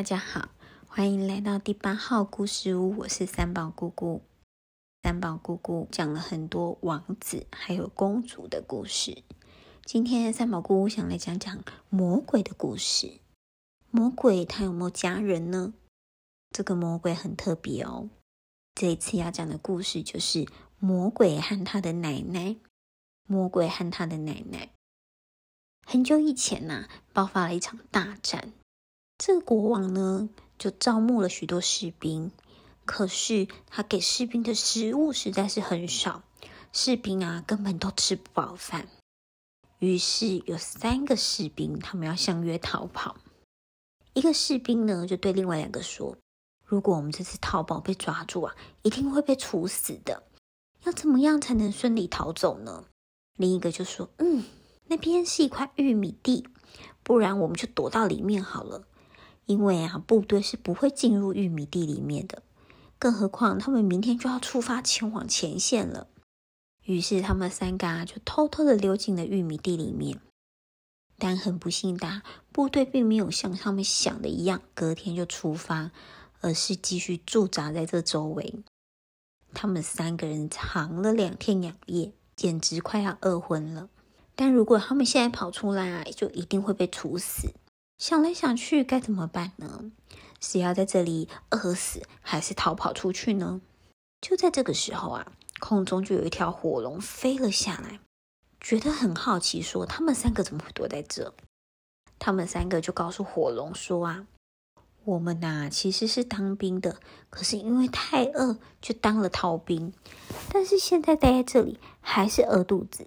大家好，歡迎來到第八號故事屋。我是三寶菇菇。三寶菇菇講了很多王子還有公主的故事。今天三寶菇菇想來講講魔鬼的故事。魔鬼他有沒有家人呢？這個魔鬼很特別哦。這一次要講的故事就是魔鬼和他的奶奶。魔鬼和他的奶奶。很久以前呢、啊，爆發了一場大戰。這個國王呢，就招募了許多士兵，可是他給士兵的食物實在是很少，士兵啊根本都吃不飽飯。於是有三個士兵，他們要相約逃跑。一個士兵呢，就對另外兩個說：“如果我們這次逃跑被抓住啊，一定會被處死的。要怎麼樣才能順利逃走呢？”另一個就說：“嗯，那邊是一塊玉米地，不然我們就躲到裡面好了。”因為啊，部隊是不會進入玉米地裡面的，更何況他們明天就要出發前往前線了。於是他們三個就偷偷的溜進了玉米地裡面。但很不幸的，部隊並沒有像他們想的一樣，隔天就出發，而是繼續駐紮在這周圍。他們三個人藏了兩天兩夜，簡直快要餓昏了。但如果他們現在跑出來啊，就一定會被處死。想來想去，該怎麼辦呢？是要在這裡餓死，還是逃跑出去呢？就在這個時候啊，空中就有一條火龍飛了下來，覺得很好奇，說他們三個怎麼會躲在這？他們三個就告訴火龍說：“啊，我們吶、啊、其實是當兵的，可是因為太餓，就當了逃兵。但是現在待在這裡還是餓肚子，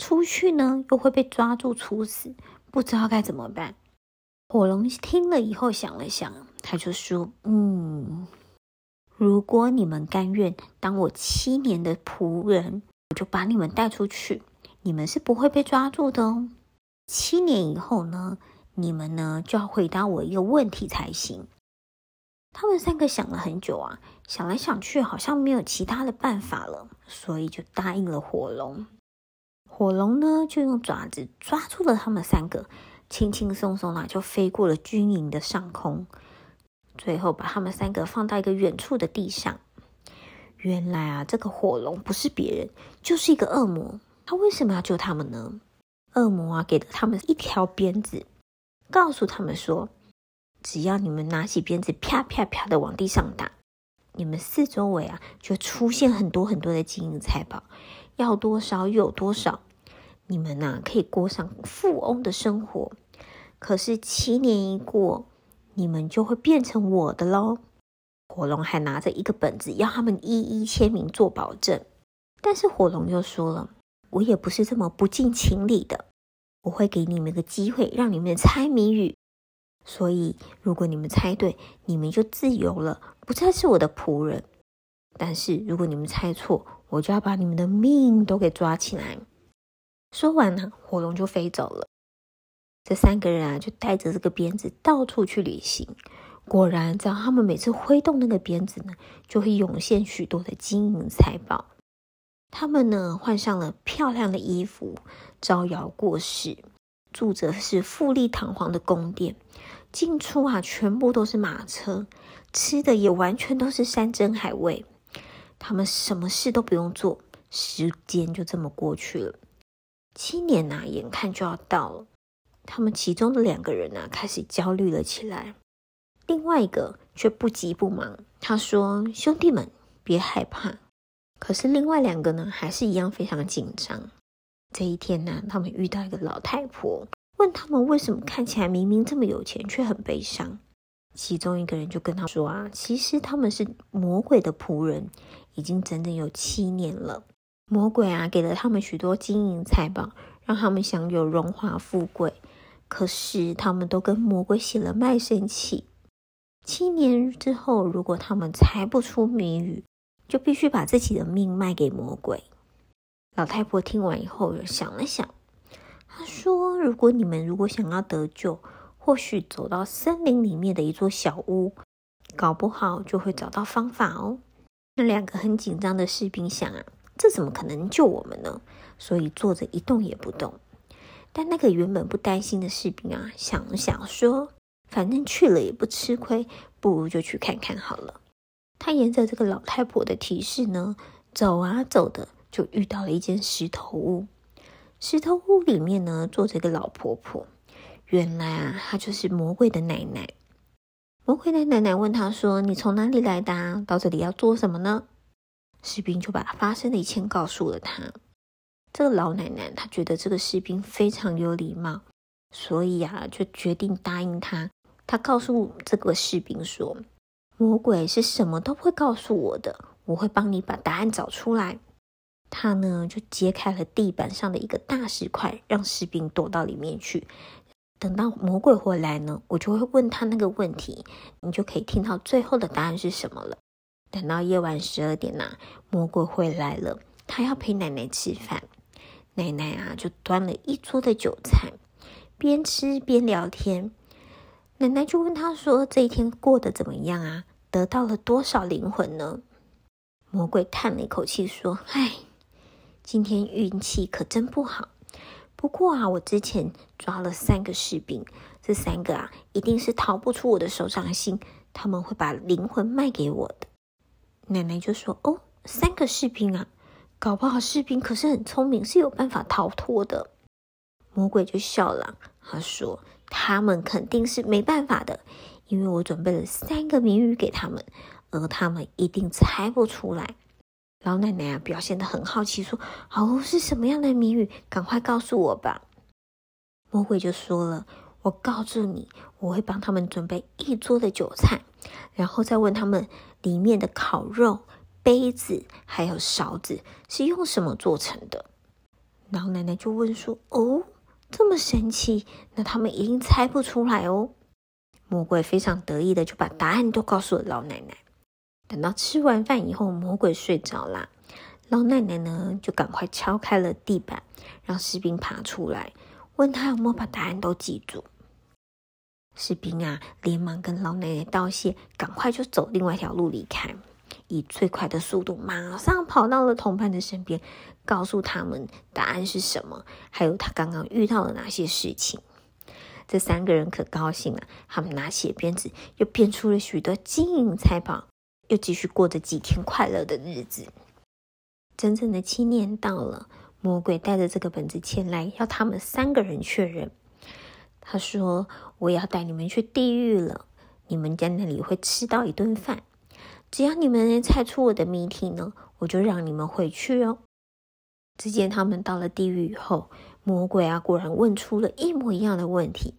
出去呢又會被抓住處死，不知道該怎麼辦。”火龍聽了以後想了想，他就說：“嗯，如果你們甘願當我七年的僕人，我就把你們帶出去，你們是不會被抓住的哦。七年以後呢，你們呢，就要回答我一個問題才行。”他們三個想了很久啊，想來想去，好像沒有其他的辦法了，所以就答應了火龍。火龍呢，就用爪子抓住了他們三個。輕輕鬆鬆啊，就飛過了軍營的上空，最後把他們三個放到一個遠處的地上。原來啊，這個火龍不是別人，就是一個惡魔。他為什麼要救他們呢？惡魔啊，給了他們一條鞭子，告訴他們說，只要你們拿起鞭子，啪啪啪啪的往地上打，你們四周圍啊，就出現很多很多的金銀財寶，要多少有多少。你們吶、啊，可以過上富翁的生活。可是七年一過，你們就會變成我的嘍。火龍還拿着一個本子，要他們一一簽名做保證。但是火龍又說了，我也不是這麼不近情理的，我會給你們個機會，讓你們猜謎語。所以如果你們猜對，你們就自由了，不再是我的僕人。但是如果你們猜錯，我就要把你們的命都給抓起來。說完了，火龍就飛走了。這三個人啊，就帶着這個鞭子到處去旅行。果然，只要他們每次揮動那個鞭子呢，就會湧現許多的金銀財寶。他們呢，換上了漂亮的衣服，招搖過市，住着是富麗堂皇的宮殿，進出啊，全部都是馬車，吃的也完全都是山珍海味。他們什麼事都不用做，時間就這麼過去了。七年吶啊，眼看就要到了。他們其中的兩個人呢、啊，開始焦慮了起來，另外一個卻不急不忙。他說：“兄弟們，別害怕。”可是另外兩個呢，還是一樣非常緊張。這一天呢、啊，他們遇到一個老太婆，問他們為什麼看起來明明這麼有錢，卻很悲傷。其中一個人就跟他說：“啊，其實他們是魔鬼的僕人，已經整整有七年了。魔鬼啊，給了他們許多金銀財寶，讓他們享有榮華富貴。”可是他們都跟魔鬼寫了賣身契。七年之後，如果他們猜不出謎語，就必須把自己的命賣給魔鬼。老太婆聽完以後，又想了想，她說：“如果你們如果想要得救，或許走到森林裡面的一座小屋，搞不好就會找到方法哦。”那兩個很緊張的士兵想啊，這怎麼可能救我們呢？所以坐着一動也不動。但那個原本不擔心的士兵啊，想了想說：“反正去了也不吃虧，不如就去看看好了。”他沿着這個老太婆的提示呢，走啊走的，就遇到了一間石頭屋。石頭屋裡面呢，坐着一個老婆婆。原來啊，她就是魔鬼的奶奶。魔鬼的奶奶問他說：“你從哪裡來的啊？到這裡要做什麼呢？”士兵就把發生的一切告訴了她。這個老奶奶她覺得這個士兵非常有禮貌，所以啊，就決定答應他。他告訴這個士兵說：“魔鬼是什麼都不會告訴我的，我會幫你把答案找出來。”他呢就揭開了地板上的一個大石塊，讓士兵躲到裡面去。等到魔鬼回來呢，我就會問他那個問題，你就可以聽到最後的答案是什麼了。等到夜晚十二點啊，魔鬼回來了，他要陪奶奶吃飯。奶奶啊，就端了一桌的酒菜，邊吃邊聊天。奶奶就問他說：“這一天過得怎麼樣啊？得到了多少靈魂呢？”魔鬼嘆了一口氣說：“唉，今天運氣可真不好。不過啊，我之前抓了三個士兵，這三個啊，一定是逃不出我的手掌心。他們會把靈魂賣給我的。”奶奶就說：“哦，三個士兵啊。”搞不好士兵可是很聰明，是有辦法逃脫的。魔鬼就笑了，他說：“他們肯定是沒辦法的，因為我準備了三個謎語給他們，而他們一定猜不出來。”老奶奶表現得很好奇，說：“哦，是什麼樣的謎語？趕快告訴我吧！”魔鬼就說了：“我告訴你，我會幫他們準備一桌的韭菜，然後再問他們裡面的烤肉，”杯子還有勺子是用什麼做成的？老奶奶就問說：“哦，這麼神奇，那他們一定猜不出來哦。”魔鬼非常得意地就把答案都告訴了老奶奶。等到吃完飯以後，魔鬼睡着啦，老奶奶呢就趕快敲開了地板，讓士兵爬出來，問他有沒有把答案都記住。士兵啊連忙跟老奶奶道謝，趕快就走另外一條路離開。以最快的速度，馬上跑到了同伴的身邊，告訴他們答案是什麼，還有他剛剛遇到了哪些事情。這三個人可高興了啊，他們拿起鞭子，又變出了許多金銀財寶，又繼續過着幾天快樂的日子。真正的七年到了，魔鬼帶着這個本子前來，要他們三個人確認。他說：“我要帶你們去地獄了，你們在那裡會吃到一頓飯。”只要你們能猜出我的謎題呢，我就讓你們回去哦。只見他們到了地獄以後，魔鬼啊果然問出了一模一樣的問題。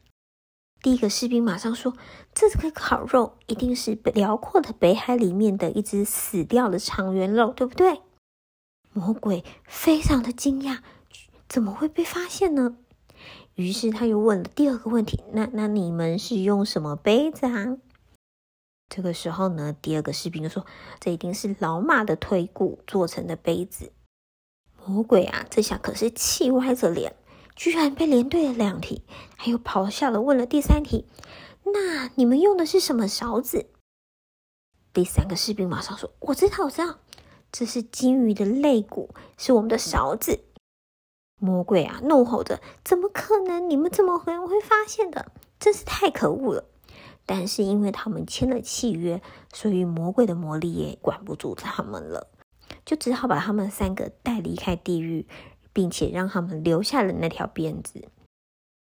第一個士兵馬上說：“這個烤肉一定是遼闊的北海裡面的一隻死掉的長圓肉，對不對？”魔鬼非常的驚訝，怎麼會被發現呢？於是他又問了第二個問題：“那那你們是用什麼杯子啊？”這個時候呢，第二個士兵就說：“這一定是老馬的腿骨做成的杯子。”魔鬼啊，這下可是氣歪着臉，居然被連對了兩題，還又咆哮的問了第三題：“那你們用的是什麼勺子？”第三個士兵馬上說：“我知道我知道，這是鯨魚的肋骨，是我們的勺子。”魔鬼啊，怒吼着：“怎麼可能？你們怎麼會會發現的？真是太可惡了！”但是因為他們簽了契約，所以魔鬼的魔力也管不住他們了，就只好把他們三個帶離開地獄，並且讓他們留下了那條鞭子。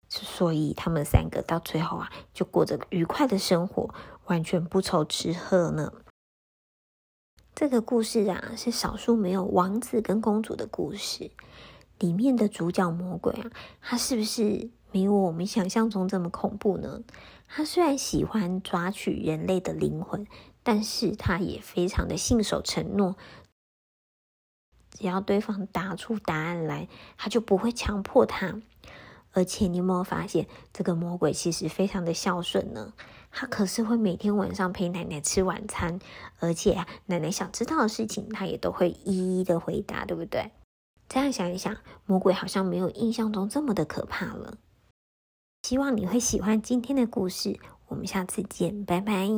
所以他們三個到最後啊，就過着愉快的生活，完全不愁吃喝呢。這個故事啊，是少數沒有王子跟公主的故事。裡面的主角魔鬼啊，他是不是沒有我們想象中這麼恐怖呢？他雖然喜歡抓取人類的靈魂，但是他也非常的信守承諾。只要對方答出答案來，他就不會強迫他。而且你有沒有發現，這個魔鬼其實非常的孝順呢？他可是會每天晚上陪奶奶吃晚餐，而且啊，奶奶想知道的事情，他也都會一一的回答，對不對？這樣想一想，魔鬼好像沒有印象中這麼的可怕了。希望你會喜歡今天的故事，我們下次見，拜拜。